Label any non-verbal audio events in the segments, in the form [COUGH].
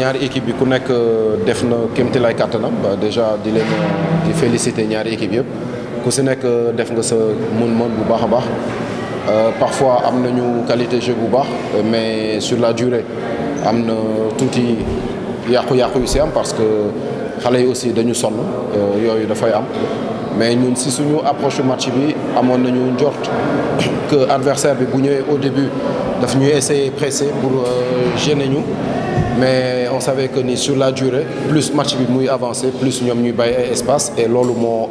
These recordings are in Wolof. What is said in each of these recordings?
ñaari équipe bi ku nekk euh, def na kemti lay kàttanam ba déjà di leen euh, di féliciter ñaari équipe yëpp ku si nekk euh, def nga sa mën-mën bu baax a baax parfois am nañu qualité jeu bu baax mais sur la durée am na tuuti yàqu-yàqu yu si am parce que xale yi aussi dañu sonn yooyu dafay am mais ñun si suñu approche match bi amoon nañu njort [COUGHS] que adversaire bi bu ñëwee au début nous avons essayé de presser pour euh, gêner nous, mais on savait que sur la durée plus le match bi avancer plus nous ñuy l'espace d'espace et nous avons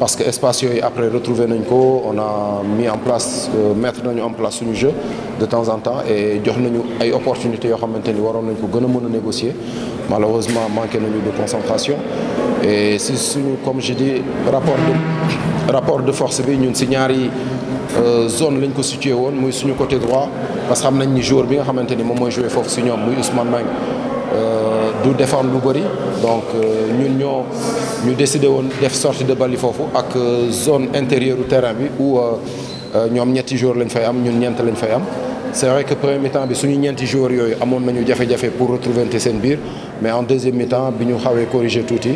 parce que l'espace, après retrouver nañ on a mis en place euh, mettre en place un jeu de temps en temps et nous avons eu l'opportunité de négocier. Malheureusement, négocier malheureusement manqué nañu de concentration et si comme je dis rapport de rapport de force bi ñun si euh, zone lañ ko situé won moy suñu côté droit parce que xam ni joueur bi nga xamanteni mom moy jouer fofu ci ñom moy Ousmane Ousmane euh du défendre lu bari donc euh, ñun ñoo ñu décidé won def sortie de balle fofu ak euh, zone intérieure du terrain bi où ñom ñetti joueur lañ fay am ñun ñent lañ fay am. c'est vrai que premier mi-temps bi suñu ñenti joueurs yoy amon nañu jafé jafé pour retrouver sen bir mais en deuxième mi-temps bi ñu xawé corriger touti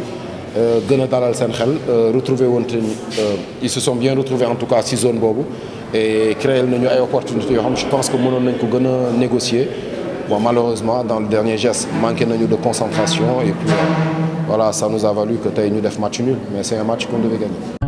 euh, euh, retrouver euh, ils se sont bien retrouvés en tout cas à zone et créer nañu ay opportunités je pense que nous nañ ko négocier malheureusement dans le dernier geste manqué nañu de concentration et puis voilà ça nous a valu que tay ñu def match nul mais c'est un match qu'on devait gagner